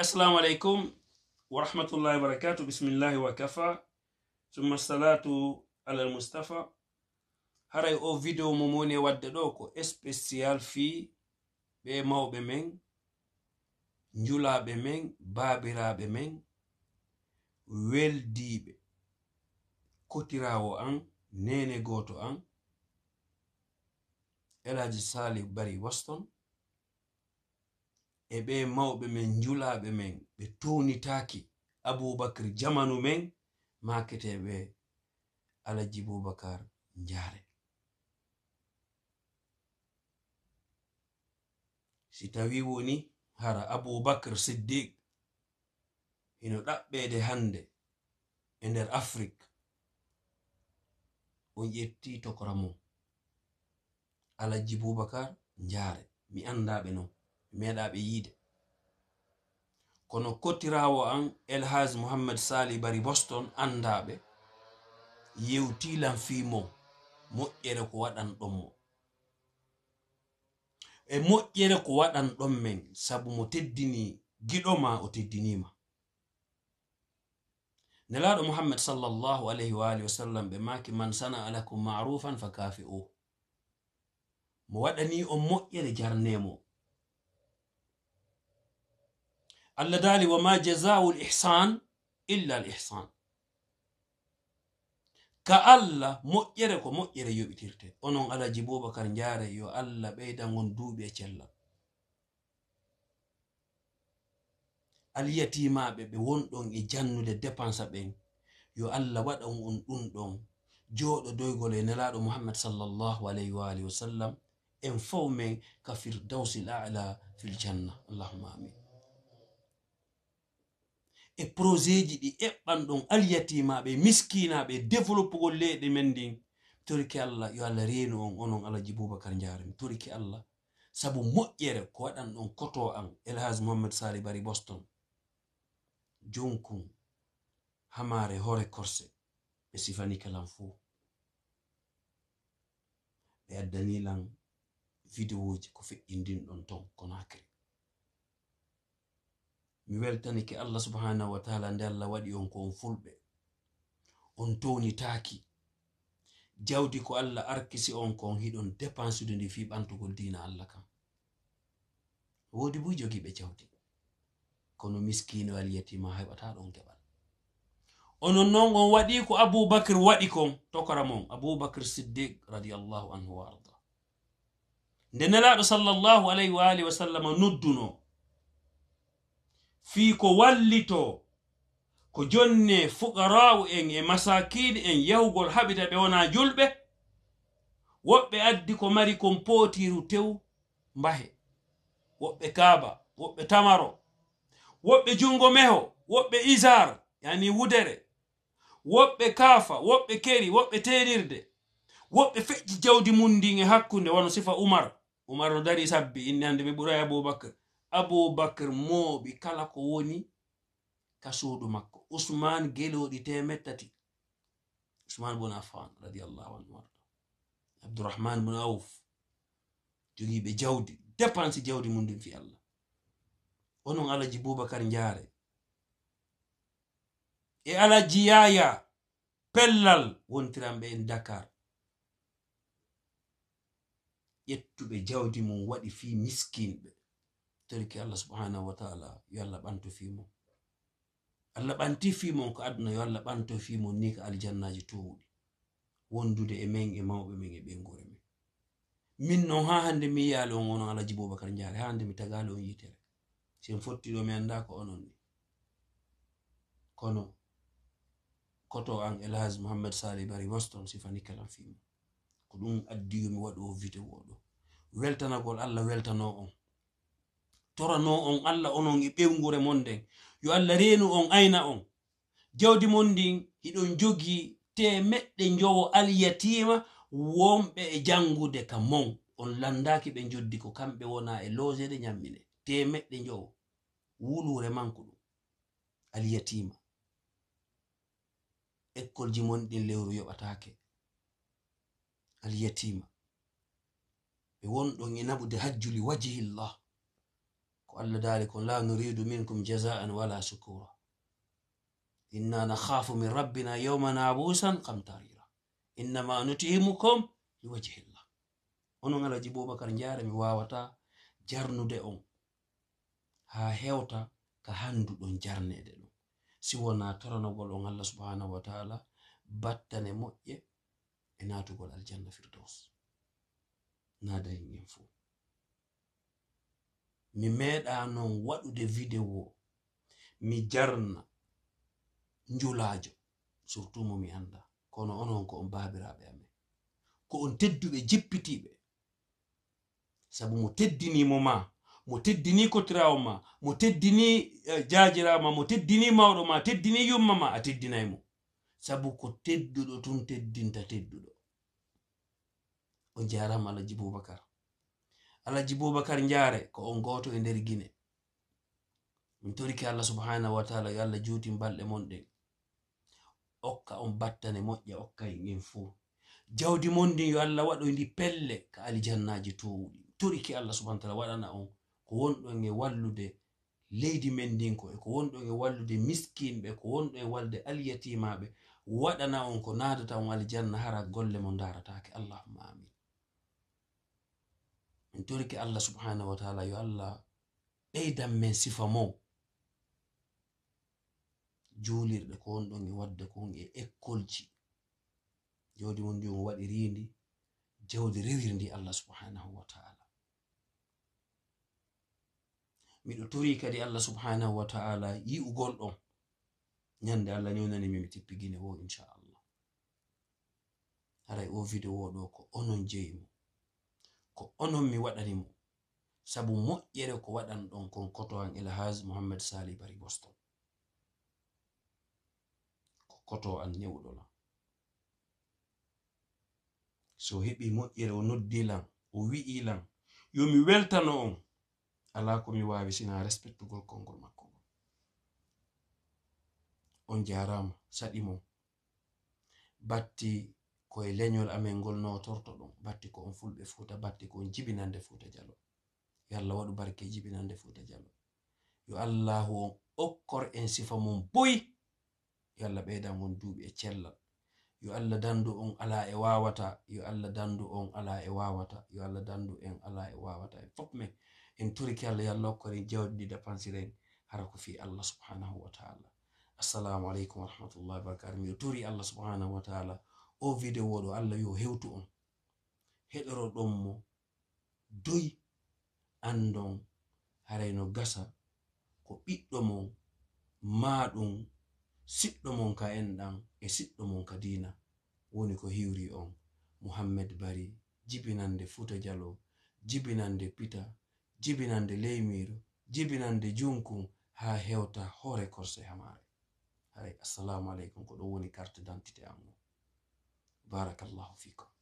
Assalamu alaikum warahmatullahi wabarakatu wa barakatuh. Bismillahi wa Summa salatu ala Mustafa. Haray o video mo mone wadde ɗo ko spécial fi ɓe mawɓe men, njulaɓe men, baabiraɓe men, weldiɓe, kotirawo an, nene goto an, Elaji sali Bari Waston, e ɓe mawɓe men njulaaɓe men ɓe townitaaki aboubacar jamanu men maaketeeɓe alaji boubacar njaare si tawi woni hara aboubacar siddiqe ino ɗaɓɓeede hannde e nder afrique on ƴettii tokora mum alaji boubacar njaare mi anndaaɓe non meɗaɓe yiide kono kottirawo an elhas mouhammad sali bari boston andaɓe yewtilan fimo moƴƴere ko waɗan ɗommo e moƴƴere ko waɗan ɗon men saabu mo teddini giɗoma o teddinima nelaɗo mouhammad sallllahu alayhi waalihi wasallam ɓe maki man sana alakum marufan fa kafi o mo waɗani on moƴƴere jarnemo allah dali wama jazau lihsan illa lihsan ka allah moƴƴere ko moƴƴere yoɓitirte onon alaji boubacar jaare yo allah ɓeyda gon duuɓi e cellal alyatimaɓe ɓe wonɗon e jannude dépense ɓen yo allah waɗa on ɗum ɗon jooɗo doygol e nelaɗo mouhammad sallllahu alayhi wa alihi wa sallam en fof men ka firdausil ala fil janna allahuma amin e projet ji ɗi eɓɓan ɗon alyatimaɓe miskinaɓe développegol leyɗe men ndin torki allah yo allah reeni on onon alhaji boubacar jaarmi torki allah sabu moƴƴere ko waɗan ɗon koto an elhaj mohammed sali bari boston jonkun hamare hore corse ɓe sifanikalan fuu ɓe addanilan vidéoji ko feƴƴindin ɗon ton konakri mi weltanike allah subhanahu wa taala nde allah waɗi on ko on fulɓe on townitaaki jawdi ko allah arkisi on ko on hiɗon dépensude ndi fi ɓantugol dina allah kam woodi bo jogiiɓe jawdi kono miskinowal yetima heɓata ɗon keɓal onon noon on waɗi ko aboubacre waɗi kon tokora mon aboubacre siddiq radiallahu anhu wa arda nde nelaɗo sallllahu alayhi wa alihi wa sallam nodduno fi ko wallito ko jonne fuqarawu en e masakini en yahugol haɓita ɓe wona julɓe woɓɓe addi ko mari kon potiru tew mbahe woɓɓe kaaba woɓɓe tamaro woɓɓe jungo meho woɓɓe isar yani wudere woɓɓe kaafa woɓɓe keri woɓɓe teenirde woɓɓe feƴƴi jawdi mun ndin e hakkunde wono sifa umar umar no dari sabbi inne hande ɓe ɓuraye aboubacar aboubacar mooɓi kala ko woni kasuuɗo makko usman geloɗi temettati usman bun afan radiallahu anhu warɗo abdourahman bun auf jogiiɓe jawdi dépense jawdi mum ndin fi allah onon alaji boubacar njaare e alaji yaya pellal wontiranɓe en dakar ƴettuɓe jawdi mum waɗi fi miskinɓe terki allah subhanahu wa yo allah ɓanto fimo allah ɓanti fimon ko aduna yo allah ɓanto fimon ni ko aljannaji towuɗi wondude e men e mawɓe men e ɓengure men min non ha hande mi yiyaali on onon alaji boubacar ndiare ha hande mi tagaali on yitere sen fottiɗo mi annda ko onon kono koto an elhaj mouhammad sali bari boston sifani kalan fimo ko ɗum addiyomi waɗo o oɗo weltanagol allah weltano on torano on allah onon e ɓewgure mon nden yo allah reenu on ayna on jawdi mon ndin hiɗon jogii temeɗɗe jowo alyatima wonɓe e jangude ka mon on landaki ɓe joddi ko kamɓe wona e logede ñammine temeɗɗe jowo wulure manko ɗum alyatima ekkolji mon ɗin lewru yoɓatake alyatima ɓe wonɗon e naɓude hajjuli wajihillah قال ذلك لا نريد منكم جزاء ولا شكورا إنا نخاف من ربنا يوما عبوسا قمطريرا innama نتهمكم لوجه الله onon ala jibo bakar jaare mi wawata jarnude on ha hewta ka handuɗon jarnede ɗum si wona toranogol on allah subhanahu wa taala battane moƴƴe e natugol aljanna firdaus nadayen en mi meeɗa non waɗude vidéo mi jarna njulajo surtout mo mi annda kono onon ko on baabiraaɓe amen ko on tedduɓe jippitiiɓe sabu mo teddinimo ma mo teddinii kotirawo ma mo teddini jajirama mo teddinii eh, mawɗo ma teddini yumma ma a teddinay mo sabu ko tedduɗo tun teddinta tedduɗo on jarama alaji boubacar alhaji boubacar njaare ko on gooto e nder guine min torike allah subhanahu wa taala yo allah juuti balɗe mon ɗen okka on battane moƴƴa okkay e en fuu jawdi mon ndin yo allah waɗoyndi pelle ka alijannaji towɗi torike allah subhana taala waɗana on ko wonɗon e wallude leydi men ndin ko eko wonɗon e wallude miskinɓe ko wonɗo e wallude alyatimaɓe waɗana on ko naadata on alijanna hara golle mo daaratake allahumma amin min torki allah subhanahu wa taala yo allah ɓeydan men sifa mo julirɗe ko wonɗon e wadde kon e ekkolji jawdi mon ndi on waɗirindi jawdi rewir ndi allah subhanahu wa taala miɗo tori kadi allah subhanahu wa taala yi'ugol ɗon ñande allah niwnani mimi tippigine wo inchallah haray o video wo ɗo ko onon jeyimo ko onon mi waɗani mo sabu moƴƴere ko waɗan ɗon kon an haz Muhammad sali bari boston ko koto an newɗola so heɓi moƴƴere o noddilan o wi'ilan mi weltano on ala mi wawi sina respectugol konngol makko on jaram saɗimo batti koye leñol amin ngol notorto ɗum batti ko on fulɓe fuuta batti ko on jibinande fuuta jalo yo allah waɗu barke jibinande fuuta jalo yo allahu on okkor en sifa mum boyi yo allah ɓeydan on duuɓi e cellal yo allah dandu on ala e wawata yo allah dandu on ala e wawata yo allah dandu en ala e wawata e fof men en turiki allah yo allah okkori jawdi ɗi dapansiren hara ko fi allah subhanahu wa taala assalamu aleykum warahmatullahi wabarakatu miɗo turi allah subhanahu wa taala o video ɗo allah yo hewtu on heɗoro ɗon mo doyi andon harayno gasa ko ɓiɗɗo mon maɗum siɗɗo mon ka enɗan e siɗɗo mon ka dina woni ko hiwri on muhammed bari jibinande futa jalo jibinande pita jibinande leymiro jibinande junkum ha hewta hoore korse hamare haray assalamu aleykum ko ɗum woni carte d'identité amon بارك الله فيكم